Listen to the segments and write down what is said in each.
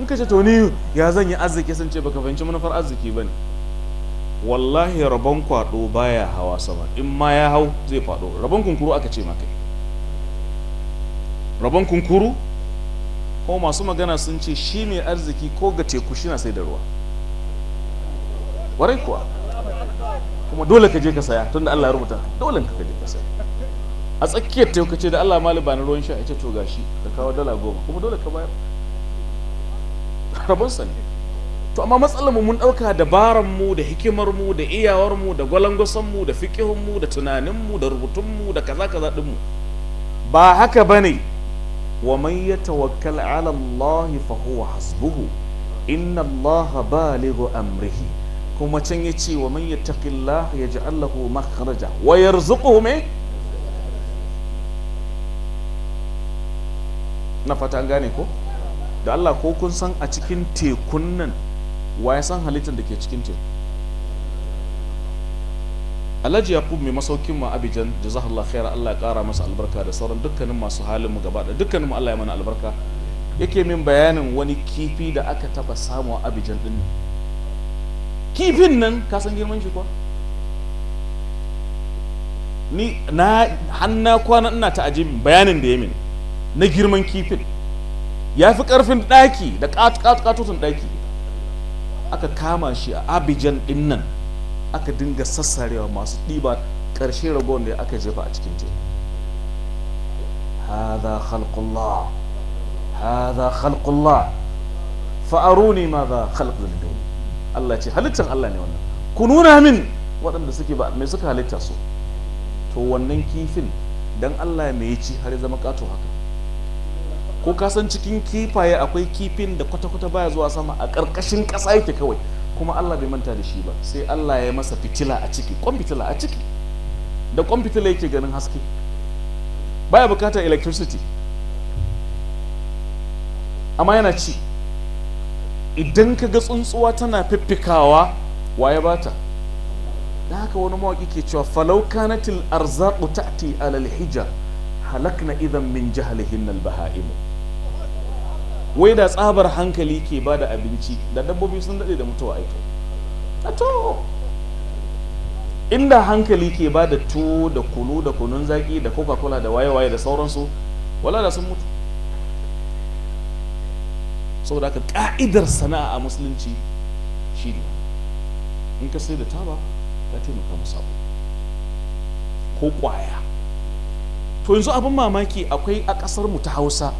in ka ce to ni ya zan yi arziki sun ce baka fahimci manufar arziki ba ne. wallahi rabon kwado baya hawa sama in ma ya hau zai fado rabon kunkuru aka ce maka rabon kunkuru ko masu magana sun ce shi mai arziki ko ga teku shi na sai da ruwa warai kuwa kuma dole ka je ka saya tunda Allah ya rubuta dole ka je ka saya a tsakiyar teku ka ce da Allah maliba na ruwan sha a ce to gashi ka kawo dala goma kuma dole ka bayar rabonsa ne to amma matsalar mun ɗauka dabaran mu da hikimar mu da iyawar mu da gwalangwasan mu da fikihun mu da tunanin mu da rubutun mu da kaza kaza din mu ba haka bane wa man yatawakkal ala Allah fa huwa hasbuhu inna Allah balighu amrihi kuma can yace wa man yattaqillah yaj'al lahu makhraja wa yarzuquhu min na fata an gane ko da Allah ko kun san a cikin tekun nan wa ya san halittar da ke cikin teku alhaji yakub mai masaukin ma abijan Allah khaira Allah ya kara masa albarka da sauran dukkanin masu halin mu gaba da dukkanin mu Allah ya mana albarka yake min bayanin wani kifi da aka taba samu a abijan din kifin nan ka san girman shi kuwa ni na hanna kwana ina ta bayanin da ya min na girman kifin ya fi karfin ɗaki da ƙatoton ɗaki aka kama shi a abijan dinnan aka dinga sassarewa masu ɗiba ƙarshe ragon da aka jefa a cikin teku هذا خلق الله هذا خلق الله فأروني ماذا خلق للدون الله يتي halittan Allah ne wannan ku nuna min waɗanda suke ba me suka halitta su to wannan kifin don Allah me ci har zama kato haka ko ka san cikin kifaye akwai kifin da kwata-kwata baya zuwa sama a ƙarƙashin ƙasa yake kawai kuma Allah bai manta da shi ba sai Allah ya masa fitila a ciki kon fitila a ciki da kon fitila yake ganin haske baya bukatar electricity amma yana ci idan ka ga tsuntsuwa tana fiffikawa waye ta da haka wani mawaki ke cewa falau kanatil arzaku ta'ti alal hijja halakna idan min jahalihin al baha'imu wai da tsabar hankali ke ba da abinci da dabbobi sun daɗe da mutuwa aiko a to inda hankali ke ba da tuwo da kunu da kunun zaki da coca-cola da waye-waye da sauransu wala da sun mutu saboda haka ka'idar sana'a a musulunci shi ne in ka sai da taba ka taimaka musa ko kwaya to yanzu abin mamaki akwai a ƙasarmu mu ta hausa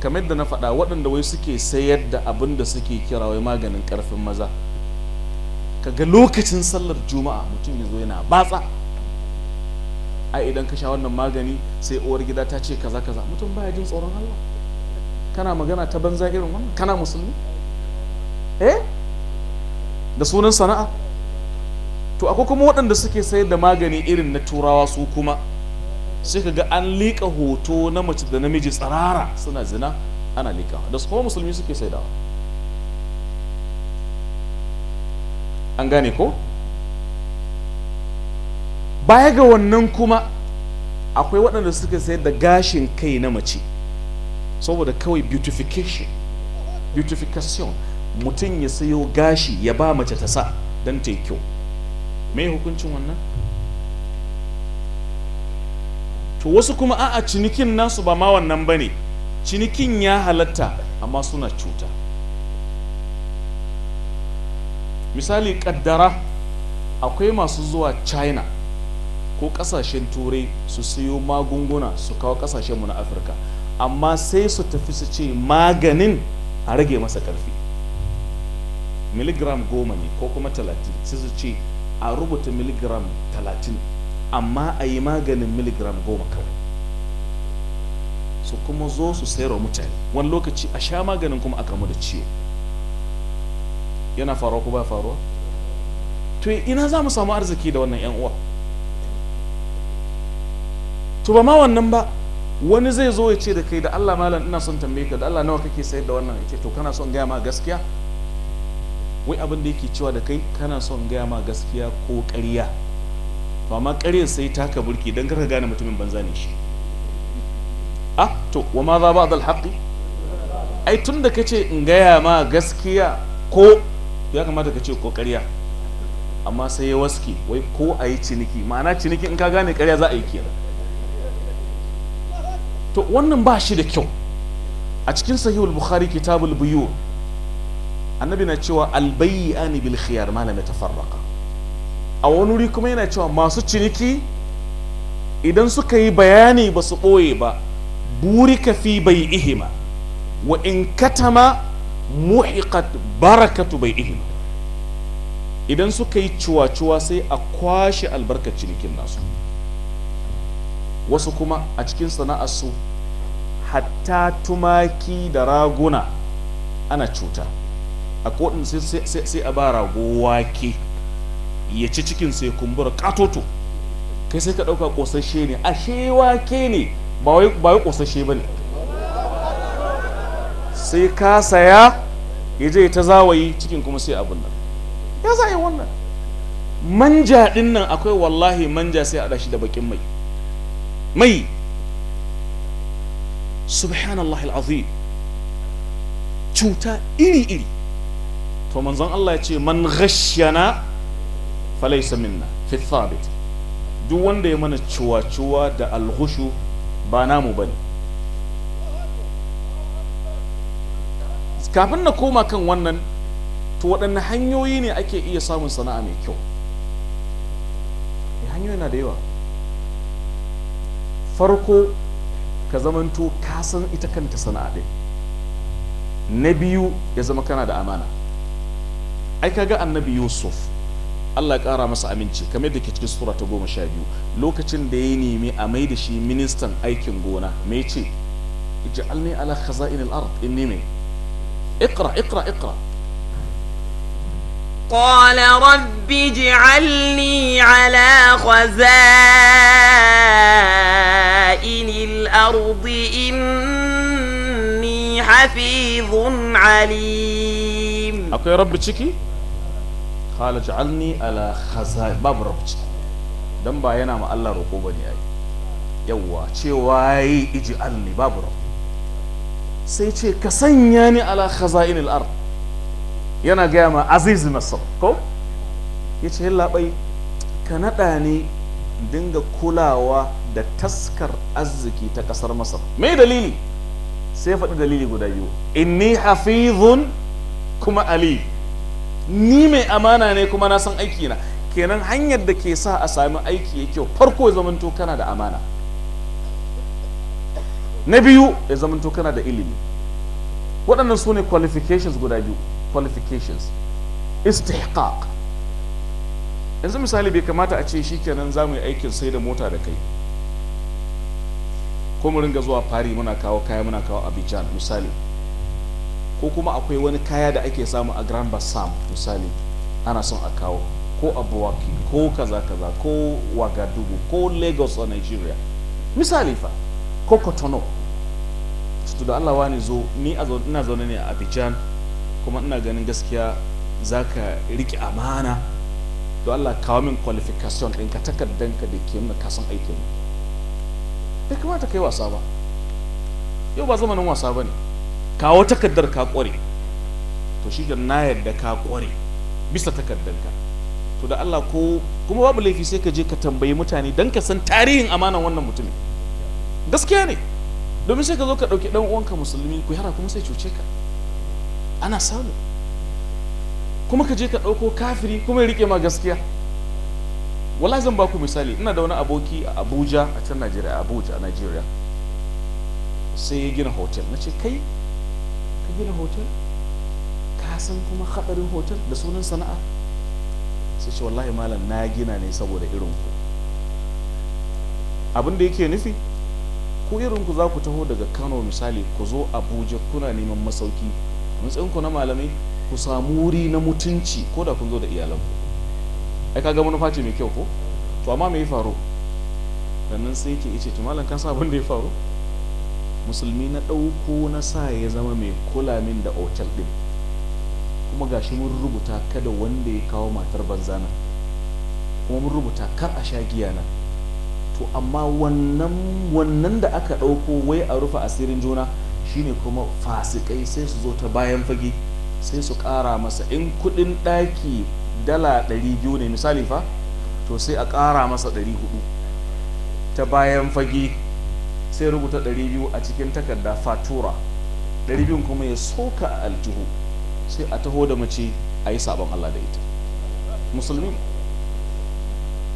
kamar da na faɗa waɗanda wai suke sayar da abin da suke kira wai maganin ƙarfin maza kaga lokacin sallar juma'a mutum ya zo yana batsa a idan ka sha wannan magani sai uwar gida ta ce kaza kaza mutum baya jin tsoron Allah kana magana ta banza irin wannan kana musulmi eh da sunan sana'a to akwai kuma waɗanda suke sayar da magani irin na turawa su kuma sai ka ga an liƙa hoto na mace da namiji tsarara suna zina ana liƙa da su kuma musulmi suke saidawa an gane ko baya ga wannan kuma akwai waɗanda suka sayar da gashin kai na mace saboda kawai beautification beautification mutum ya sayo gashi ya ba mace ta sa don ta yi kyau me hukuncin wannan to wasu kuma a'a cinikin nasu ba ma wannan ba ne cinikin ya halatta amma suna cuta misali kaddara akwai masu zuwa china ko kasashen turai su siyo magunguna su kawo kasashenmu na afirka amma sai su tafi su ce maganin a rage masa karfi miligram goma ne ko kuma talatin sai su ce a rubuta miligram talatin amma a yi maganin miligram goma kawai su kuma zo su sayarwa mutane wani lokaci a sha maganin kuma a kamu da ciwo yana faruwa ko ba faruwa to ina za mu samu arziki da wannan 'yan uwa to ba ma wannan ba wani zai zo ya ce da kai da Allah malam ina son tambaye ka da Allah nawa kake sayar da wannan yace to kana son gaya ma gaskiya wai abin da yake cewa da kai kana son gaya ma gaskiya ko ƙarya to amma ƙaryar sai taka burki don karka gane mutumin banza ne shi A to wa ma za ba haqqi ai tun da kace in gaya ma gaskiya ko ya kamata ka ce ko ƙarya amma sai ya waske wai ko a yi ciniki ma'ana ciniki in ka gane ƙarya za a yi kenan to wannan ba shi da kyau a cikin sahihul bukhari kitabul buyu annabi na cewa albayyani bil khiyar ma ta yatafarraqa a wani wuri kuma yana cewa masu ciniki idan suka yi bayani ba su ɓoye ba burika fi bai ihima wa in katama muhiqat barakatu bai ihima idan suka yi cuwa-cuwa sai a kwashe albarkar cinikin nasu wasu kuma a cikin su, hatta tumaki da raguna ana cuta a kodin sai a ba rago wake ya ci cikin sai kumbura katoto kai sai ka ɗauka ƙosashe ne ashe wake ne ba wai ƙosashe ba ne sai ka saya ya je ta zawayi cikin kuma sai abin nan ya za yi wannan manja ɗin nan akwai wallahi manja sai a shi da bakin mai mai subhanallah al'azim cuta iri-iri to manzon Allah ya ce man ghashyana falaisa minna fi thabit duk wanda ya mana cuwa-cuwa da alhushu ba namu bane kafin na koma kan wannan to waɗanne hanyoyi ne ake iya samun sana'a mai kyau hanyoyi na da yawa farko ka zamanto ka san ita kanta sana'a ɗin na biyu ya zama kana da amana ai ga annabi yusuf Allah ya kara masa aminci kamar da ke cikin sura ta goma sha biyu lokacin da ya nemi a mai da shi ministan aikin gona mai ce ij'alni ala khaza'in al-ard inni mai اقرا اقرا اقرا قال رب اجعلني على خزائن الأرض إني حفيظ عليم أكو يا رب تشكي qala ja'alni ala khazai babu rabci dan ba yana ma Allah roƙo bane ai yawa cewa yi ij'alni babu rabb sai ce ka sanya ni ala khaza'in al-ard yana gaya ma aziz masar ko yace yallaɓai ka naɗa ni dinga kulawa da taskar arziki ta ƙasar masar me dalili sai faɗi dalili guda biyu inni hafizun kuma ali ni mai amana ne kuma na san aiki na kenan hanyar da ke sa a sami aiki ya kyau farko ya zamanto kana da amana na biyu ya zamanto kana da ilimi waɗannan su ne qualifications guda biyu qualifications istihqaq yanzu misali bai kamata a ce shi kenan za mu yi aikin sai da mota da kai ko mu ringa zuwa fari muna kawo kaya muna kawo abidjan misali ko kuma akwai wani kaya da ake samu a grand bassam misali ana son a kawo ko abuwaki ko kaza kaza ko wagadugu ko lagos a nigeria misali fa ko kotono su da allah wani zo ni ina zaune ne a Abijan kuma ina ganin gaskiya za ka riƙe amana to allah kawo min qualification ka takardanka da ke nuna kasan aikin ya kamata kai wasa ba yau ba zamanin wasa ba ne kawo takardar ka kware to shi na yadda ka kware bisa ka to da Allah ko kuma babu laifi sai ka je ka tambayi mutane dan ka san tarihin amanan wannan mutumin gaskiya ne domin sai ka zo ka ɗauki ɗan uwanka musulmi ku yara kuma sai cuce ka ana samu kuma ka je ka ɗauko kafiri kuma ya rike ma gaskiya wala zan baku misali ina da wani aboki a abuja a can najeriya abuja a najeriya sai ya gina hotel na ce kai ka gina hotel ka san kuma haɗarin hotel da sunan sana'a sai ce wallahi malam na gina ne saboda irin ku abin da yake nufi ku irin ku za ku taho daga kano misali ku zo abuja kuna neman masauki matsayin ku na malamai ku samu wuri na mutunci ko da kun zo da iyalanku ai ka manufa ce mai kyau ko to amma me ya faru sannan sai ke ice to malam ka sa abin da ya faru musulmi na ɗauko na sa ya zama mai kula min da otal ɗin kuma ga shi mun rubuta kada wanda ya kawo matar banza nan kuma mun rubuta kar a sha giya na to amma wannan wannan da aka ɗauko wai a rufe asirin juna shine kuma fasikai sai su zo ta bayan fage sai su ƙara masa in kuɗin ɗaki dala biyu ne misali fa to sai a ƙara masa 400 ta bayan fage sai rubuta 200 a cikin takarda fatura 200 kuma ya soka a aljihu sai a taho da mace a yi sabon Allah da ita musulmi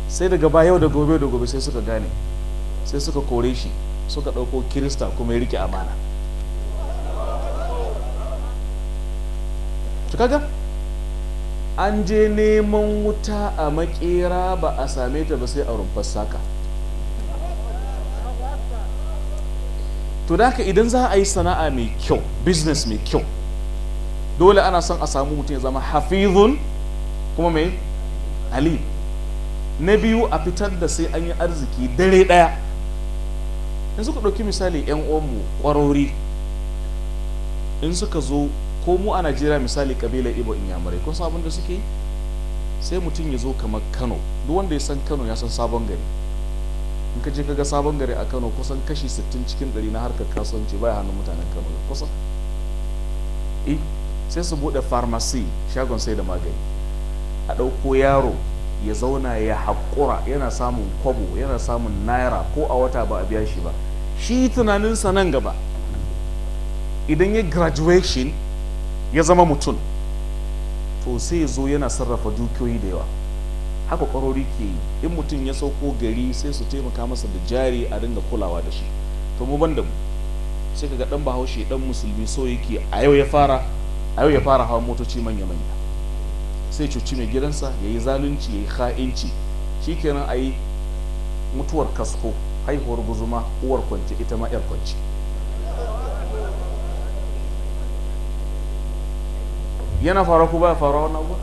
sai daga ba yau da gobe da gobe sai suka gane sai suka kore shi suka ɗauko kirista kuma ya rike amana kaga an je neman wuta a makera ba a same ta ba sai a rumfar saka to da haka idan za a yi sana'a mai kyau business mai kyau dole ana son a samu mutum ya zama hafizun kuma mai alim na biyu a fitar da sai an yi arziki dare ɗaya yanzu suka ɗauki misali 'yan omu kwarori in suka zo ko mu a najeriya misali kabilar ibo inyamurai kun san da suke sai mutum ya zo kamar kano duk wanda ya san kano ya san sabon gari in ka je ka ga sabon gari a kano kusan kashi 60 cikin 100 na harkar kasuwanci baya hannun mutanen kano kusan eh sai su bude pharmacy shagon sai da magani a ɗauko yaro ya zauna ya haƙura yana samun kwabo yana samun naira ko a wata ba a biya shi ba shi tunaninsa nan gaba idan ya graduation ya zama mutum to sai ya zo yana sarrafa dukiyoyi da yawa haka kwarori ke yi in mutum ya sauko gari sai su taimaka masa da jari a dinga kulawa da shi to mu ban da mu sai ka ga dan bahaushe dan musulmi so yake a yau ya fara a yau ya fara hawa motoci manya manya sai cuci mai gidansa ya yi zalunci ya yi ha'inci shikenan a yi mutuwar kasko haihuwar guzuma uwar kwance ita ma yar kwance yana fara ko baya faruwa wannan ba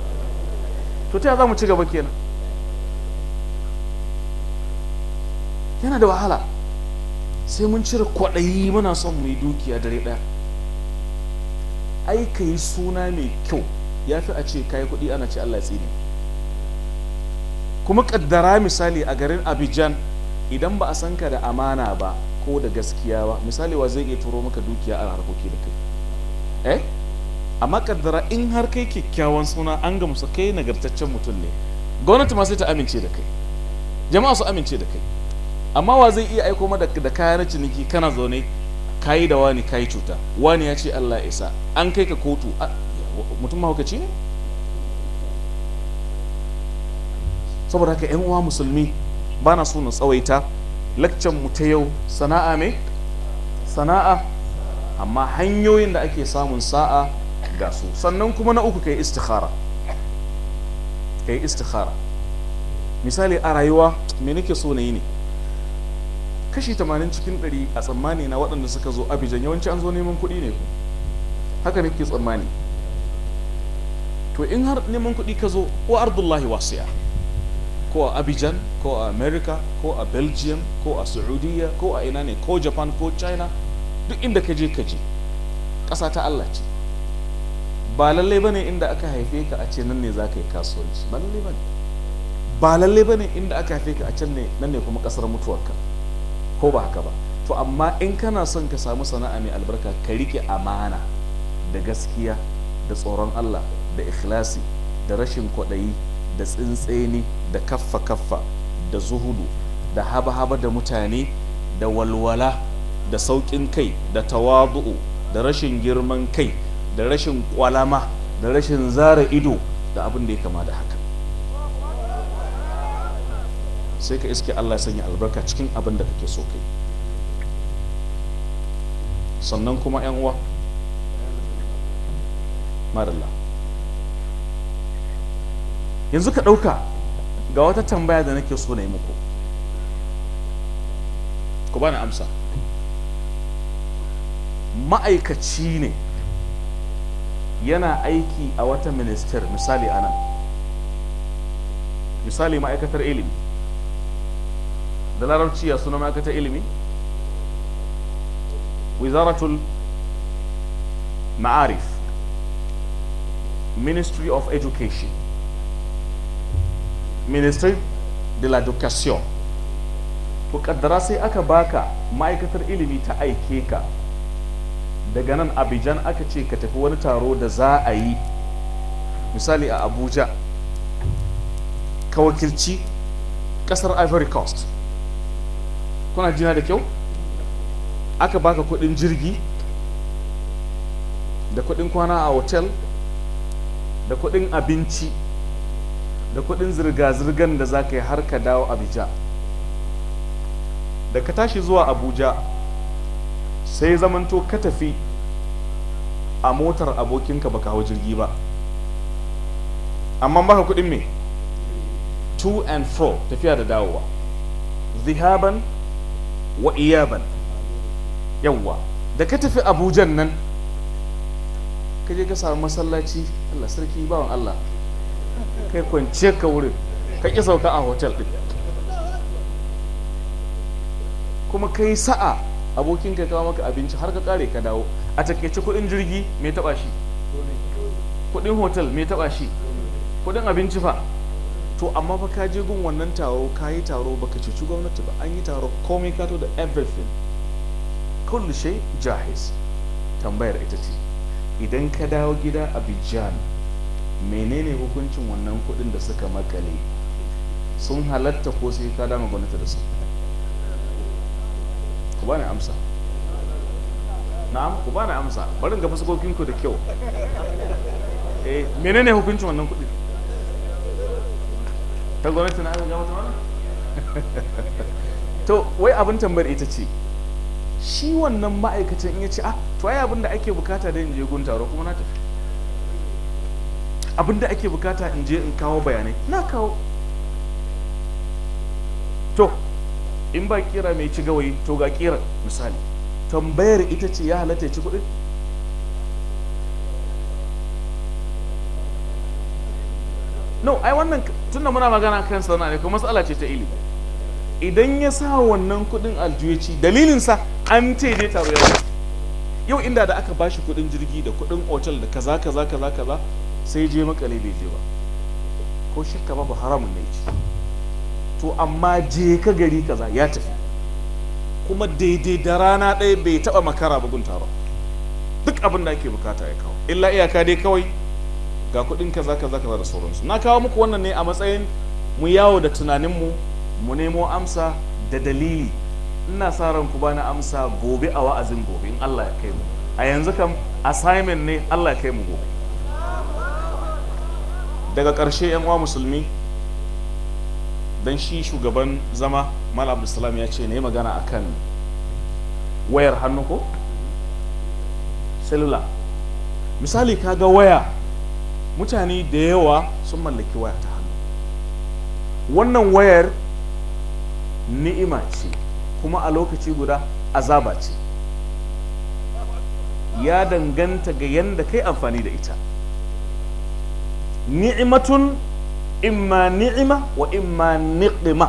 to ta za mu ci gaba kenan yana da wahala sai mun cire kwaɗayi muna son mu yi dukiya dare ɗaya ai yi suna mai kyau ya fi a ce ka yi kuɗi ana ce allah tsini kuma ƙaddara misali a garin abijan idan ba a san ka da amana ba ko da gaskiya ba misali wa zai iya turo maka dukiya a harkoki da kai eh amma kaddara in har kai kyakkyawan suna an gamsu kai nagartaccen mutum ne gwamnati ma sai ta amince da kai jama'a su amince da kai amma wa zai iya aiko mada da kaya na ciniki kana zaune kayi da wani kayi cuta wani ya ce Allah isa an kai ka kotu mutum mahaukaci ne saboda haka yan uwa musulmi ba na so na tsawaita lakcan mu ta yau sana'a mai sana'a amma hanyoyin da ake samun sa'a ga su sannan kuma na uku kai istikhara kai istikhara misali a rayuwa me nake so na yi ne kashi 80 cikin 100 a tsammani na waɗanda suka zo abijan yawanci an zo neman kuɗi ne ku haka nake tsammani to in har neman kuɗi ka zo ko ardullahi wasiya ko a abijan ko a america ko a belgium ko a saudiya ko a ina ne ko japan ko china duk inda ka je ka je ƙasa ta allah ce ba lallai bane inda aka haife ka a ce nan ne za ka yi kasuwanci ba lallai bane ba lallai bane inda aka haife ka a can ne nan ne kuma ƙasar mutuwarka ko ba haka ba to amma in kana son ka samu sana'a mai albarka ka rike amana da gaskiya da tsoron Allah da ikhlasi da rashin kwaɗayi da tsintseni da kaffa kaffa da zuhudu da haba haba da mutane da walwala da sauƙin kai da tawadu'u da rashin girman kai da rashin kwalama da rashin zara ido da abin da ya kama da haka sai ka iske Allah ya sanya albarka cikin abin da kake so kai sannan kuma yan uwa marilla yanzu ka ɗauka ga wata tambaya da nake so na yi muku ku bani amsa ma'aikaci ne yana aiki a wata minister misali anan misali ma'aikatar ilimi da larabci ya suna ma'aikatar ilimi wizaratul ma'arif ministry of education ministry de l'education to kaddara sai aka baka ma'aikatar ilimi ta aike ka daga nan abijan aka ce ka tafi wani taro da za a yi misali a abuja ka wakilci kasar ivory coast kuna jina da kyau aka baka kudin jirgi da kudin kwana a hotel da kudin abinci da kudin zirga-zirgan da za ka yi har ka dawo abuja da ka tashi zuwa abuja sai zamanto ka tafi a motar abokinka baka hau jirgi ba amma baka kudin me to and fro tafiya da dawowa zihaban wa iyaban yawwa da ka tafi abujan nan ka je ka samu masallaci allah sarki bawan allah kai kwanciyar ka wurin ka ƙi sauka a hotel ɗin kuma ka yi sa'a abokin ka kawo maka abinci har ka ƙare ka dawo a takaice kuɗin jirgi mai taɓa shi kuɗin hotel mai taɓa shi kuɗin abinci fa to amma fa ka je gun wannan taro ka yi taro baka cuci gwamnati ba an yi taro komai ka to da everything kullu shay jahiz tambayar ita ce idan ka dawo gida a bijan menene hukuncin wannan kudin da suka makale sun halatta ko sai ka dama gwamnati da su ku bani amsa na'am ku bani amsa barin ga fasakokin ku da kyau eh menene hukuncin wannan kudin ta gwamnati na ga wata wani to wai abin tambayar ita ce shi wannan ma'aikacin in ya ce ah to ai abin da ake bukata da in je gun taro kuma na tafi abin da ake bukata in je in kawo bayanai na kawo to in ba kira mai ci gawayi to ga kira misali tambayar ita ce ya halatta ya ci kuɗi no ai wannan tunda muna magana kan sana ne kuma matsala ce ta ilimi idan ya sa wannan kudin aljuyaci dalilin sa an ce je taro yau yau inda da aka bashi kudin jirgi da kudin otal da kaza kaza kaza kaza sai je makale bai je ba ko shakka ba haramun ne ci to amma je ka gari kaza ya tafi kuma daidai da rana ɗaya bai taɓa makara bugun taro duk abin da ake bukata ya kawo illa iyaka dai kawai ga kudin kaza kaza kaza da sauransu na kawo muku wannan ne a matsayin mu yawo da tunaninmu mu nemo amsa da dalili ina sa ran ku bani amsa gobe a wa'azin gobe in Allah ya kai mu a yanzu kam assignment ne Allah ya kai mu gobe daga karshe yan uwa musulmi dan shi shugaban zama mal abdulsalam ya ce ne magana akan wayar hannu ko cellular misali kaga waya mutane da yawa sun mallaki waya ta hannu wannan wayar ni'ima ce kuma a lokaci guda azaba ce ya danganta ga yadda kai amfani da ita ni'imatun imma ni'ima wa imma niqima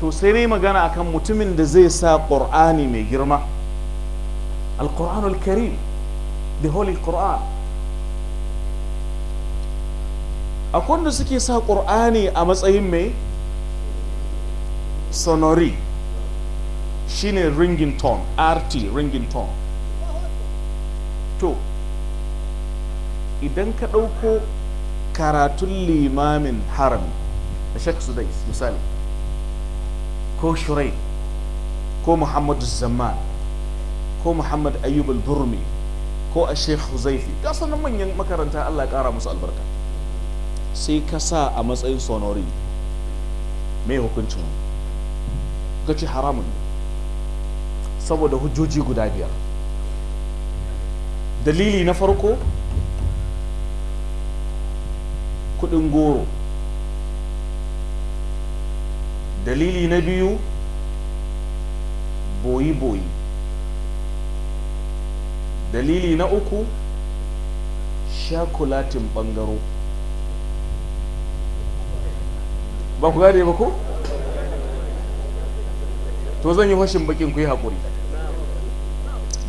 to sai ne magana akan mutumin da zai sa ƙur'ani mai girma al karim the holy quran akwai wanda suke sa ƙur'ani a matsayin mai sonori shine ringing tone rt ringing tone to idan ka ɗauko karatun limamin haram da shek dai misali ko shirai ko muhammadu zaman ko muhammad ayyub burmi ko a sheikh huzaifi ga sanan manyan makaranta allah ya kara musu albarka sai ka sa a matsayin sonori mai hukuncin ka ce haramun saboda hujjoji guda biyar dalili na farko kudin goro dalili na biyu boyi-boyi dalili na uku shakulatin bangaro ba ku gane ba ko to zan yi fashin bakin ku yi haƙuri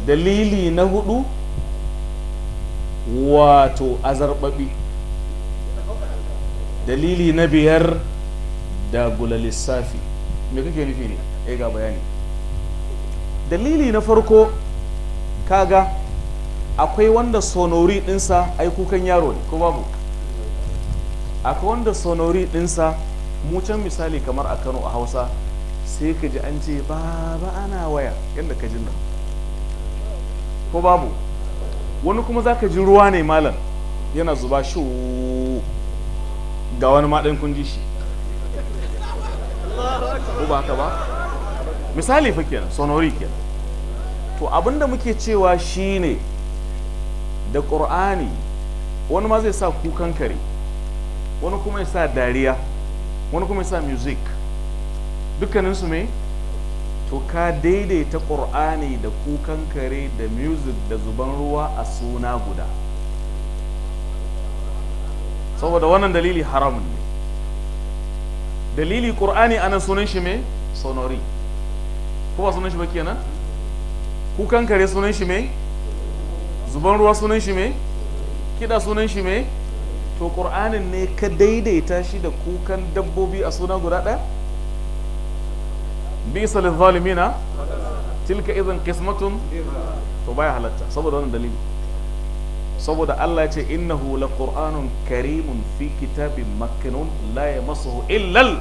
dalili na hudu wato azarbabi dalili na biyar da gula lissafi me kake nufi ne eh, ga bayani dalili na farko kaga akwai wanda sonori dinsa ai kukan yaro ne ko babu akwai wanda sonori dinsa mu can misali kamar a Kano a Hausa sai ka ji an ce baba ana waya yadda ka ji nan ko babu wani kuma za ka ji ruwa ne malam yana zuba shi ga wani maɗan kun ji shi ko ba ka ba misali fa kenan sonori kenan to abinda muke cewa shine ne da ƙur'ani wani ma zai sa kukan kare wani kuma ya sa dariya wani kuma ya sa music dukkaninsu mai to ka daidaita ƙur'ani da kukan kare da music da zuban ruwa a suna guda saboda wannan dalili haramun ne dalili ƙur'ani ana sunan shi mai sonori kuma sunan shi ba kenan kukan kare sunan shi mai zuban ruwa sunan shi me kiɗa sunan shi me to ƙur'anin ne ka daidaita shi da kukan dabbobi a suna guda ɗaya bisa lizalimina tilka izin kismatun to baya halatta saboda wannan dalili saboda Allah ya ce innahu la qur'anun karimun fi kitabin maknun la yamassuhu illal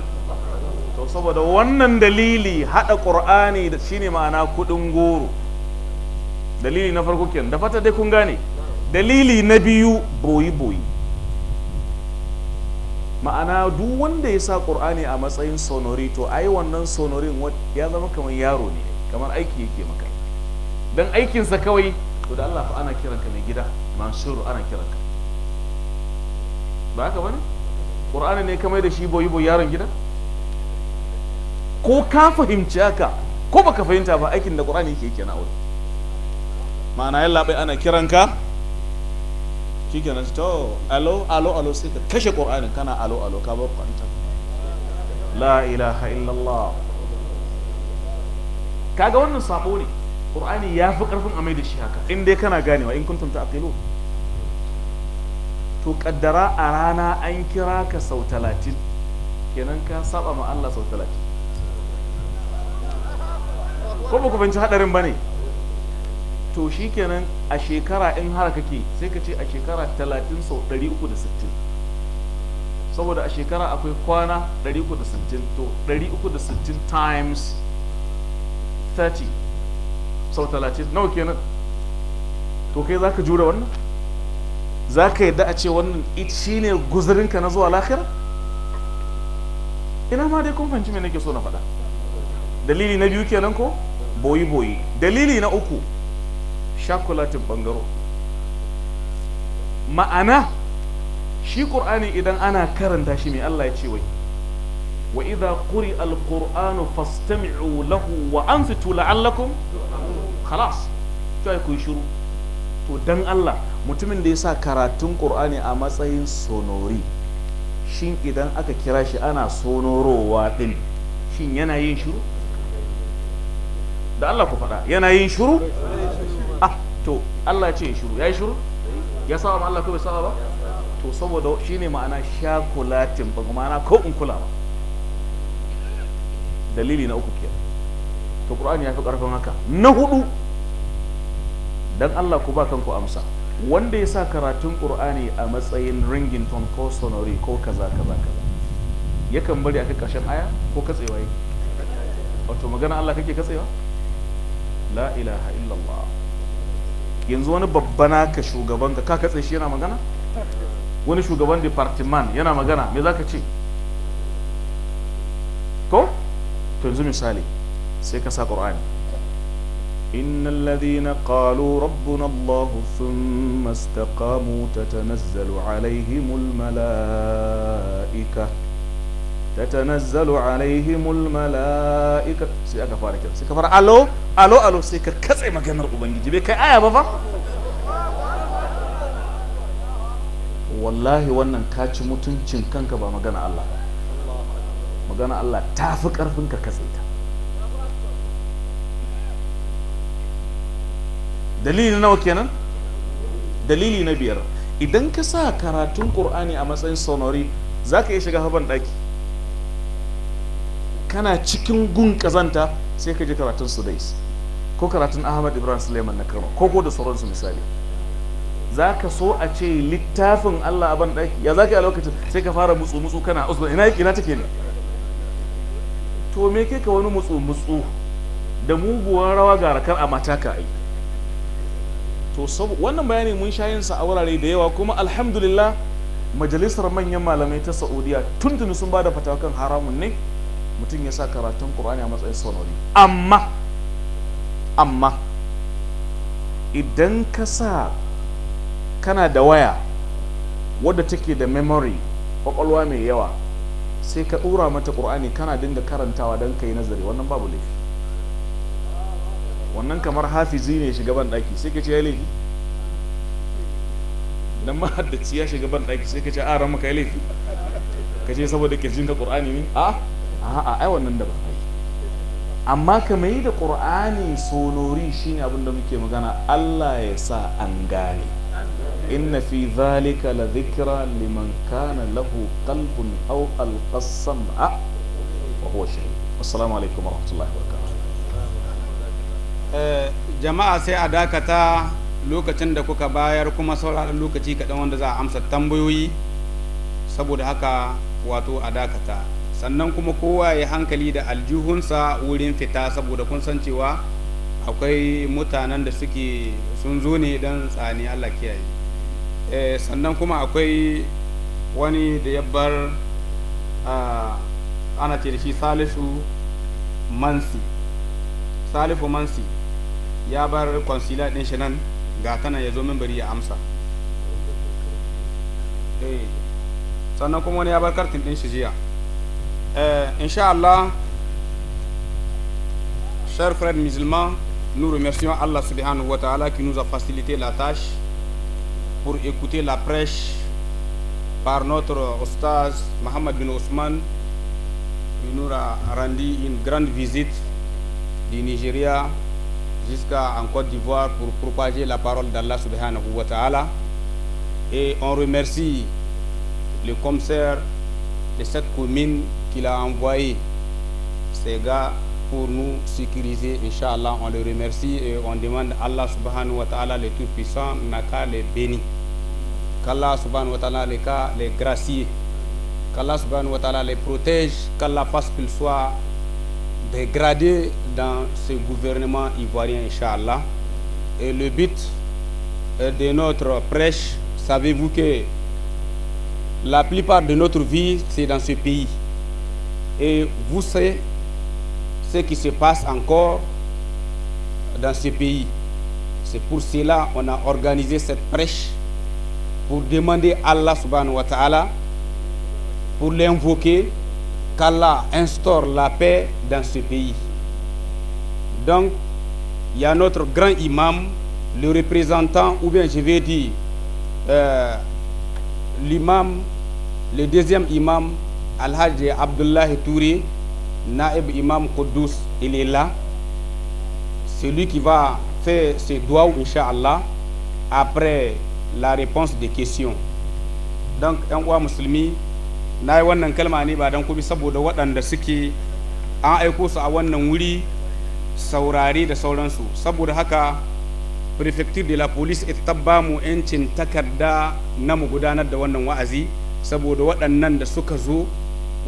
to saboda wannan dalili hada qur'ani da shine ma'ana kudin goro dalili na farko kenan da fata dai kun gane dalili na biyu boyi boyi ma'ana duk wanda ya sa qur'ani a matsayin sonori to ai wannan sonorin ya zama kamar yaro ne kamar aiki yake maka dan aikinsa kawai to da Allah fa ana kiranka mai gida mansur ana kiranka ba ka bane qur'ani ne kamar da shi boyi boyi yaron gida ko ka fahimci haka ko baka fahimta ba aikin da qur'ani yake kenan a wurin ma'ana yalla bai ana kiranka shikenan to alo alo alo sai ka kashe qur'anin kana alo alo ka bar kwanta la ilaha illallah kaga wannan sabo ne qur'ani ya fi karfin amai da shi haka in dai kana ganewa in kuntum taqilu to kaddara a rana an kira ka sau talatin kenan ka saba ma Allah sau talatin ko ba ku fahimci hadarin ba ne to shikenan a shekara in har kake sai ka ce a shekara 30 sau 360 saboda a shekara akwai kwana 360 to 360 times 30 sau 30 nawa kenan to kai za ka jura wannan za ka yadda a ce wannan shi ne guzurinka na zuwa lahira ina ma dai kun fahimci me nake so na faɗa dalili na biyu kenan ko boyi boyi dalili na uku shakulatin bangaro ma'ana shi ƙur'ani idan ana karanta shi mai Allah ya ce wai wa idha quri al fasta fastami'u lahu wa ansitu la'allakum khalas to ai kun shiru to dan Allah mutumin da ya sa karatun ƙur'ani a matsayin sonori shin idan aka kira shi ana sonorowa din shin yana yin shiru da Allah ku faɗa yana yin shiru Allah ya ce ya shiru ya yi shiru ya saba ma Allah ko bai saba ba to saboda shine ma'ana shakulatin ba ma'ana ko in kula ba dalili na uku ke to Qur'ani ya fi karfin haka na hudu dan Allah ku ba kanku amsa wanda ya sa karatun Qur'ani a matsayin tone ko sonori ko kaza kaza kaza yakan bari a ƙarshen aya ko katsewa wato magana Allah kake katsewa la ilaha illallah yanzu wani babba naka shugaban ka ka katse shi yana magana wani shugaban department yana magana me zaka ce ko to yanzu misali sai ka sa qur'ani innal ladhina qalu rabbuna ta thumma istaqamu تتنزل alaihimul الملائكة tatanazzalu alaihimul mala'ika sai aka fara kira sai ka fara alo alo alo sai ka katse maganar ubangiji bai kai aya ba fa wallahi wannan ka ci mutuncin kanka ba magana Allah ba magana Allah ta fi karfin ka katse ta dalili nawa kenan dalili na biyar idan ka sa karatun qur'ani a matsayin sonori zaka iya shiga haban daki kana cikin gun kazanta sai ka ji karatun sudais ko karatun ahmad ibrahim suleiman na Kano ko ko da sauransu misali za ka so a ce littafin allah a ban ɗaki ya za ka yi a sai ka fara mutsu mutsu kana usman ina yake ina take ne to me ke ka wani mutsu mutsu da muguwar rawa ga rakar a mata ka ai to wannan bayani mun sha yinsa a wurare da yawa kuma alhamdulillah majalisar manyan malamai ta Saudiyya tuntuni sun ba da fatawa haramun ne mutum ya sa karatun ƙur'ani a matsayin sonori amma amma idan ka sa kana da waya wadda take da memory ƙwaƙwalwa mai yawa sai ka ɗora mata ƙur'ani kana dinga karantawa don ka yi nazari wannan babu laifi wannan kamar hafizi ne shiga ban ɗaki sai ka ce ya laifi dan mahaddaci ya shiga ban ɗaki sai ka ce a ran maka ya laifi ka ce saboda kirjin ka ƙur'ani ne a a'a ai wannan da ba ai amma ka mai da qur'ani sonori shine abin da muke magana Allah ya sa an gane inna fi zalika la dhikra liman kana lahu qalbun aw alqa sam'a wa huwa shahid assalamu alaikum wa wabarakatuh eh, jama'a sai a dakata lokacin da kuka bayar kuma sauraron lokaci kaɗan wanda za a amsa tambayoyi saboda haka wato a dakata sannan kuma kowa ya hankali da aljihunsa wurin fita saboda kun san cewa akwai mutanen da suke sun zo ne don tsani allah kiyaye eh, sannan kuma akwai wani da ya bar ah, ana ce da shi salisu mansi salifu mansi ya bar consular din shi nan ga tana ya zo bari ya amsa eh, sannan kuma wani ya bar kartin din shi jiya Euh, Inch'Allah, chers frères musulmans, nous remercions Allah subhanahu wa ta'ala qui nous a facilité la tâche pour écouter la prêche par notre ostaz Mohamed bin Ousmane qui nous a rendu une grande visite du Nigeria jusqu'en Côte d'Ivoire pour propager la parole d'Allah subhanahu wa ta'ala. Et on remercie le commissaire de cette commune qu'il a envoyé ces gars pour nous sécuriser. Inch'Allah, on le remercie et on demande à Allah subhanahu wa ta'ala, le Tout-Puissant, Naka, les bénis. Qu'Allah subhanahu wa ta'ala les, cas, les gracie. Qu'Allah subhanahu wa ta'ala les protège. Qu'Allah fasse qu'ils soient dégradés dans ce gouvernement ivoirien, Inch'Allah. Et le but de notre prêche, savez-vous que la plupart de notre vie, c'est dans ce pays. Et vous savez ce qui se passe encore dans ce pays. C'est pour cela qu'on a organisé cette prêche pour demander à Allah subhanahu wa ta'ala, pour l'invoquer, qu'Allah instaure la paix dans ce pays. Donc, il y a notre grand imam, le représentant, ou bien je vais dire euh, l'imam, le deuxième imam alhaji abdullahi touré na'ib imam Kudus il est là lui qui va faire ses doigts inshallah après la réponse des questions donc yan uwa musulmi na yi wannan kalma ne ba don kuma saboda waɗanda suke an aiko su a wannan wuri saurare da sauransu saboda haka prefecture de la police ita ba mu 'yancin takarda na mu gudanar da wannan wa'azi saboda waɗannan da suka zo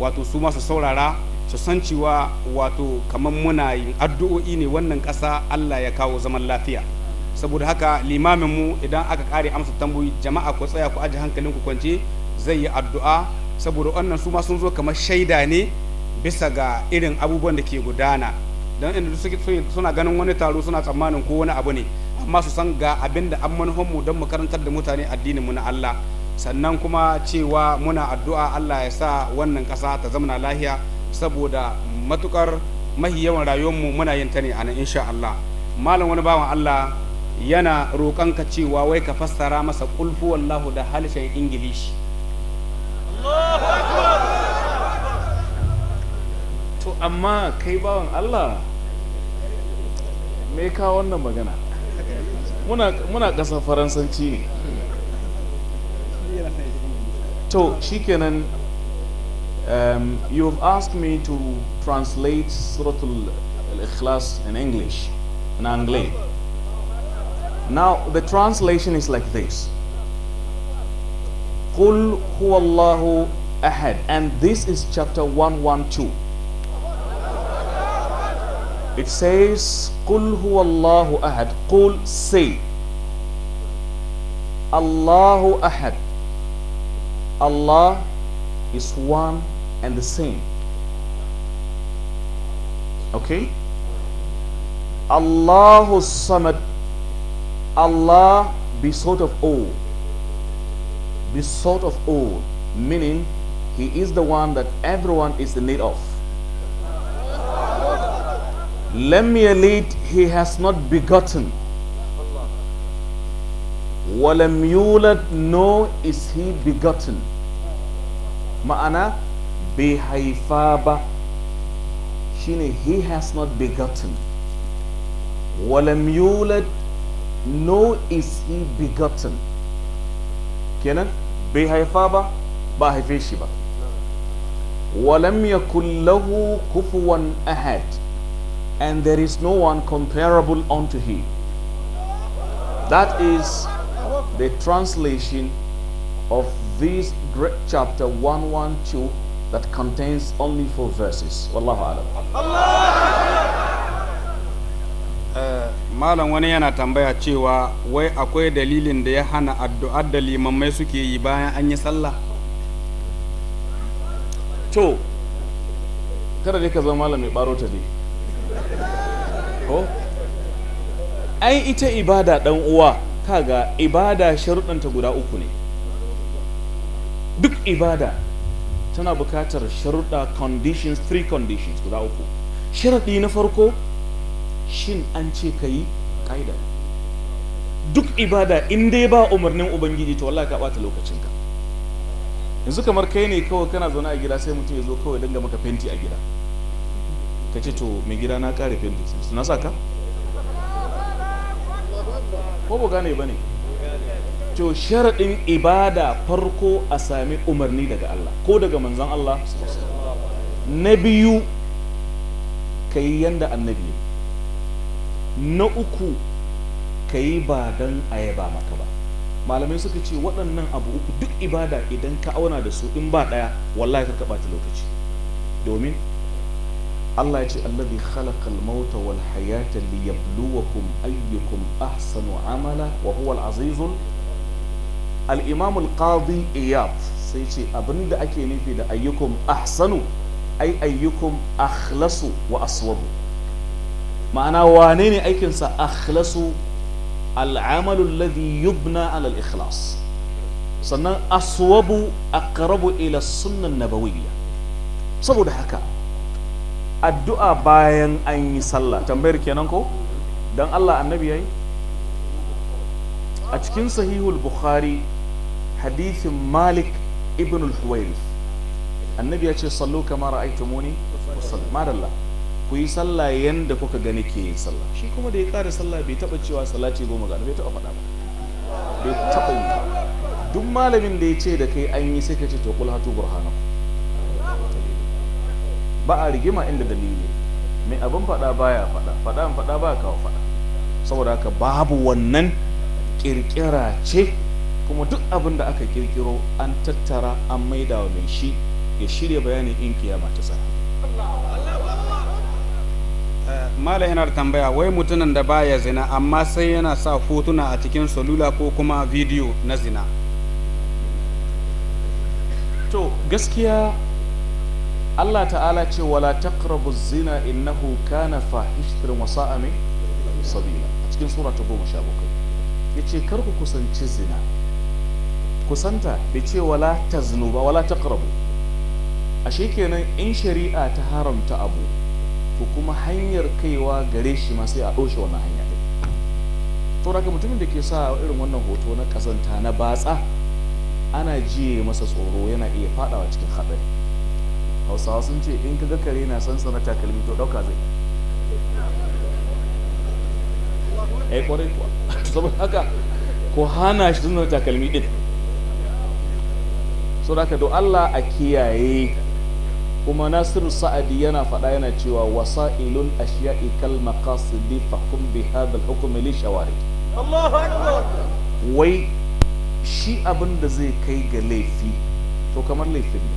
wato su masu saurara su san cewa wato kamar muna yin addu'o'i ne wannan ƙasa Allah ya kawo zaman lafiya saboda haka limamin mu idan aka kare amsa tambayi jama'a ku tsaya ku aje hankalin ku kwance zai yi addu'a saboda wannan su ma sun zo kamar shaida ne bisa ga irin abubuwan da ke gudana don inda suke suna ganin wani taro suna tsammanin ko wani abu ne amma su san ga abin da an manufan mu don mu karantar da mutane addinin mu na Allah sannan kuma cewa muna addu'a Allah ya sa wannan ƙasa ta zama lahiya saboda matukar mahi yawan mu muna yin ta ne a nan insha Allah malam wani bawan Allah yana ka cewa wai ka fassara masa kulfu wallahu da halishin ingilishi to amma kai bawan Allah me ka wannan magana muna ƙasar faransanci ne So, shikenan um, you've asked me to translate Surah Al-Ikhlas in English in Anglais now the translation is like this قُلْ هُوَ اللَّهُ أَحَدٌ and this is chapter 112 it says قُلْ هُوَ اللَّهُ أَحَدٌ قُلْ say Allahu Ahad Allah is one and the same. Okay? Allahu Samad. Allah be sort of all. Be sort of all. Meaning, He is the one that everyone is in need of. Lam He has not begotten walam yulad no is he begotten ma'ana bai haifa ba shine he has not begotten walam yulad no is he begotten kenan bai haifa ba ba haife shi ba walam yakun kufuwan ahad and there is no one comparable unto him that is the translation of this great chapter 112 that contains only four verses. Wallahu alam. Eh, malam wani yana tambaya cewa wai akwai dalilin da ya hana addu'ar da limammai suke yi bayan an yi sallah? To, kada dai ka zama malam mai baro ta dai. Ko? Ai ita ibada ɗan uwa. kaga ibada sharuɗanta guda uku ne duk ibada tana buƙatar sharuɗa conditions three conditions guda uku sharaɗi na farko shin an ce ka yi ƙa'ida duk ibada in dai ba umarnin ubangiji to wallahi ka ɓata lokacinka yanzu kamar kai ne kawai kana zaune a gida sai mutum ya zo kawai danga maka fenti a gida ka ce to mai gida na ƙare fenti na sa ka ko ba gane ba ne to sharaɗin ibada farko a sami umarni daga Allah ko daga manzan Allah na biyu ka yi yanda annabi na uku ka yi ba don a yaba maka ba malamai suka ce waɗannan abu uku duk ibada idan ka auna da su in ba ɗaya wallahi ka ɓata lokaci domin Allah ya ce alladhi khalaqal mauta wal hayata liyabluwakum ayyukum ahsanu amala wa huwa al azizul al imam al qadi iyad sai ce abinda ake nufi da ayyukum ahsanu ai ayyukum akhlasu wa aswabu ma'ana wane ne aikinsa akhlasu al'amalu alladhi yubna ala al-ikhlas sannan aswabu aqrabu ila sunnah nabawiyya saboda haka addu'a bayan an yi sallah tambayar kenan ko don Allah annabi yayi a cikin sahihul bukhari hadithin malik ibn al-huwairith annabi ya ce sallu kama ra'aytumuni usalli madalla ku yi sallah yanda kuka gani ke yin sallah shi kuma da ya kare sallah bai taba cewa salati goma ga bai taba faɗa ba bai taba yi duk malamin da ya ce da kai an yi sai ka ce to kul hatu burhanakum ba a rigima inda dalili mai abin faɗa baya faɗa faɗa an faɗa ba kawo faɗa saboda haka babu wannan kirkira ce kuma duk abin da aka kirkiro an tattara an maida wa mai shi ya shirya bayanin in kiyama ta tsara mala yana tambaya wai mutumin da baya zina amma sai yana sa hotuna a cikin salula ko kuma bidiyo na zina to gaskiya Allah ta'ala ce wala taqrabu zina innahu kana fahishatan wa sa'ami min sabila a cikin sura ta 17 yace kar ku kusanci zina kusanta bai ce wala taznu ba wala taqrabu ashe kenan in shari'a ta haramta abu to kuma hanyar kaiwa gare shi ma sai a doshe wannan hanya din to raka mutumin da ke sa irin wannan hoto na kasanta na batsa ana jiye masa tsoro yana iya fadawa cikin hadari hausawa sun ce in kaga kare na son sana takalmi to dauka zai ai eh, kwarai kuwa saboda haka ko hana shi sana takalmi din so da haka do Allah a kiyaye kuma Nasiru Sa'adi yana faɗa yana cewa wasailul ashiya'i kal maqasidi fahkum bi hadha al-hukm li shawari wai shi abin da zai kai ga laifi to kamar laifin ne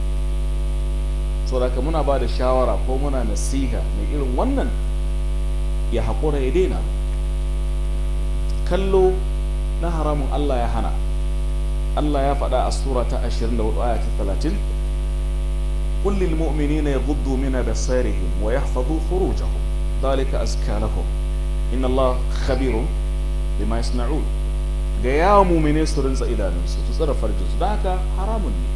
saboda muna ba da shawara ko muna nasiha mai irin wannan ya haƙura ya daina kallo na haramun Allah ya hana Allah ya faɗa a sura ta 24 aya ta 30 قل للمؤمنين يغضوا من أبصارهم ويحفظوا فروجهم ذلك أزكى لهم إن الله خبير بما يصنعون ga yawon mummune su rinsa idanunsu su tsara farjinsu da haka haramun ne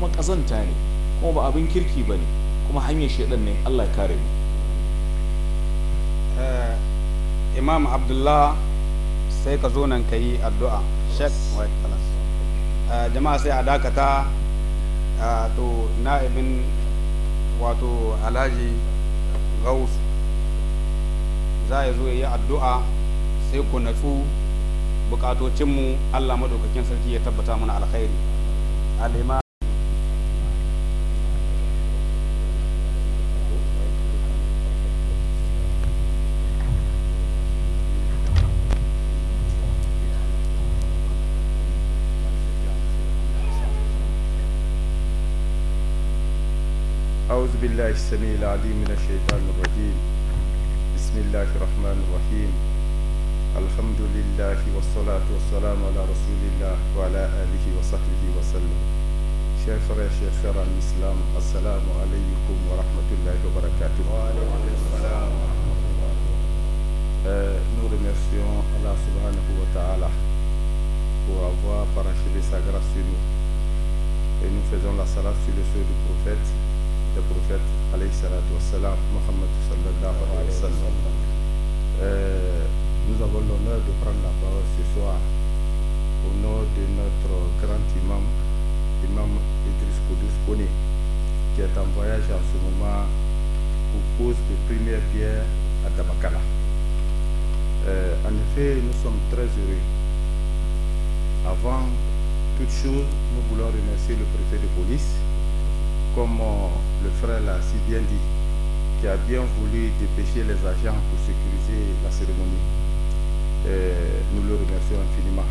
kuma ƙazanta ne kuma ba abin kirki ba ne kuma hanyar shaidan ne allah ya kare mu eh, imam abdullah sai ka zo nan ka yi addu'a eh, jama'a sai a dakata eh, to na'ibin wato alhaji gaus za ya zo ya yi addu'a sai ku natsu bukatocinmu allah maɗaukakin sarki ya tabbata mana alkhairi بالله السميع العليم من الشيطان الرجيم بسم الله الرحمن الرحيم الحمد لله والصلاة والسلام على رسول الله وعلى آله وصحبه وسلم شيخ شيخ الإسلام السلام عليكم ورحمة الله وبركاته وعليكم السلام ورحمة الله euh, Nous remercions Allah subhanahu wa ta'ala pour avoir parachevé sa grâce sur nous. Et nous faisons la salade sur le feu du prophète prophète alayhi salatu euh, nous avons l'honneur de prendre la parole ce soir au nom de notre grand imam, imam Idriss Koudous Kone, qui est en voyage en ce moment pour poser les premières pierres à Tabakala. Euh, en effet, nous sommes très heureux. Avant toute chose, nous voulons remercier le préfet de police comme euh, le frère l'a si bien dit, qui a bien voulu dépêcher les agents pour sécuriser la cérémonie. Et euh, nous le remercions infiniment.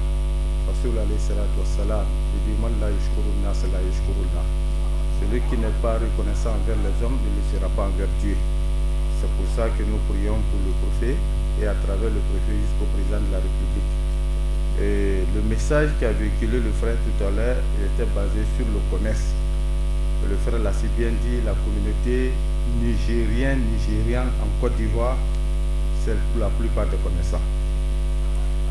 Celui qui n'est pas reconnaissant envers les hommes ne le sera pas envers Dieu. C'est pour ça que nous prions pour le prophète et à travers le préfet jusqu'au président de la République. Et le message qu'a véhiculé le frère tout à l'heure était basé sur le commerce le frère l'a si bien dit, la communauté nigérienne, nigérienne en Côte d'Ivoire, c'est pour la plupart des commerçants.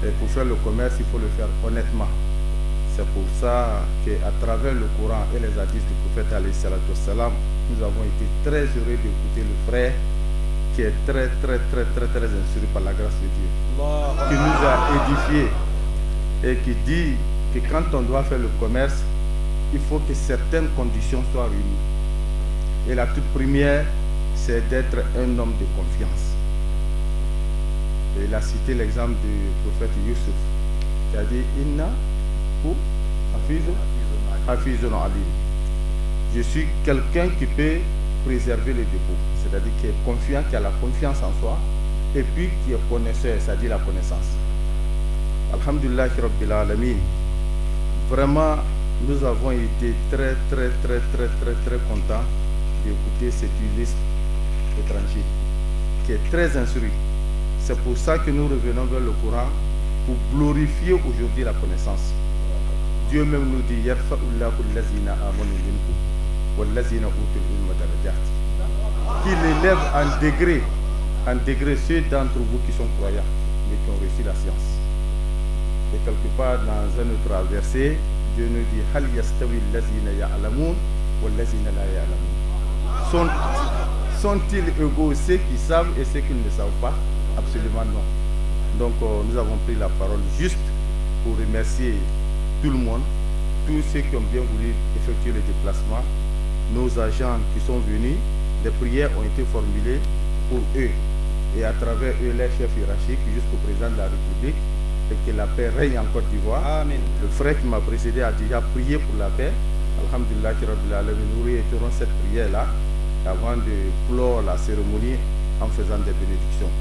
Et pour faire le commerce, il faut le faire honnêtement. C'est pour ça qu'à travers le courant et les hadiths du prophète salam, nous avons été très heureux d'écouter le frère qui est très, très, très, très, très inspiré par la grâce de Dieu, qui nous a édifiés et qui dit que quand on doit faire le commerce, il faut que certaines conditions soient réunies. Et la toute première, c'est d'être un homme de confiance. Et il a cité l'exemple du prophète Youssef, qui a dit Inna alim Je suis quelqu'un qui peut préserver les dépôts, c'est-à-dire qui est confiant, qui a la confiance en soi, et puis qui est connaisseur, c'est-à-dire la connaissance. Alhamdulillah, Alamin. Vraiment, nous avons été très, très, très, très, très, très contents d'écouter cette liste étranger qui est très instruit. C'est pour ça que nous revenons vers le Coran pour glorifier aujourd'hui la connaissance. Dieu même nous dit qu'il élève en degré, en degré ceux d'entre vous qui sont croyants, mais qui ont reçu la science. Et quelque part dans un autre verset, Dieu nous dit Hal yastawi ou la Sont-ils égaux ceux qui savent et ceux qui ne savent pas Absolument non. Donc euh, nous avons pris la parole juste pour remercier tout le monde, tous ceux qui ont bien voulu effectuer le déplacement, nos agents qui sont venus, des prières ont été formulées pour eux et à travers eux les chefs hiérarchiques jusqu'au président de la République et que la paix règne en Côte d'Ivoire. Le frère qui m'a précédé a déjà prié pour la paix. Alhamdulillah, nous réitérons cette prière-là avant de clore la cérémonie en faisant des bénédictions.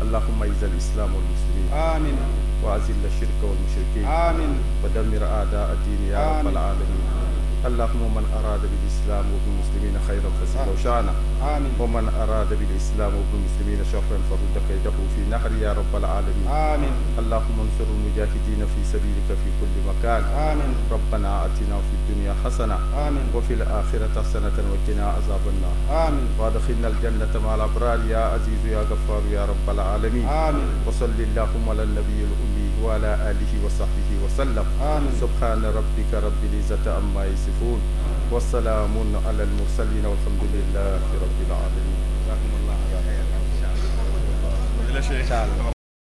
اللهم اعز الاسلام والمسلمين امين واذل الشرك والمشركين امين ودمر اعداء الدين يا al العالمين اللهم من أراد بالإسلام وبالمسلمين خيرا فسله شأنه آمين ومن أراد بالإسلام وبالمسلمين شرا فرد كيده في نهر يا رب العالمين آمين اللهم انصر المجاهدين في سبيلك في كل مكان آمين ربنا آتنا في الدنيا حسنة آمين وفي الآخرة حسنة وقنا عذاب النار آمين وادخلنا الجنة مع الأبرار يا عزيز يا غفار يا رب العالمين آمين وصل اللهم على النبي الأمي وعلى آله وصحبه وسلم آمين. سبحان ربك رب العزة عما يصفون والسلام على المرسلين والحمد لله رب العالمين جزاكم الله إن شاء الله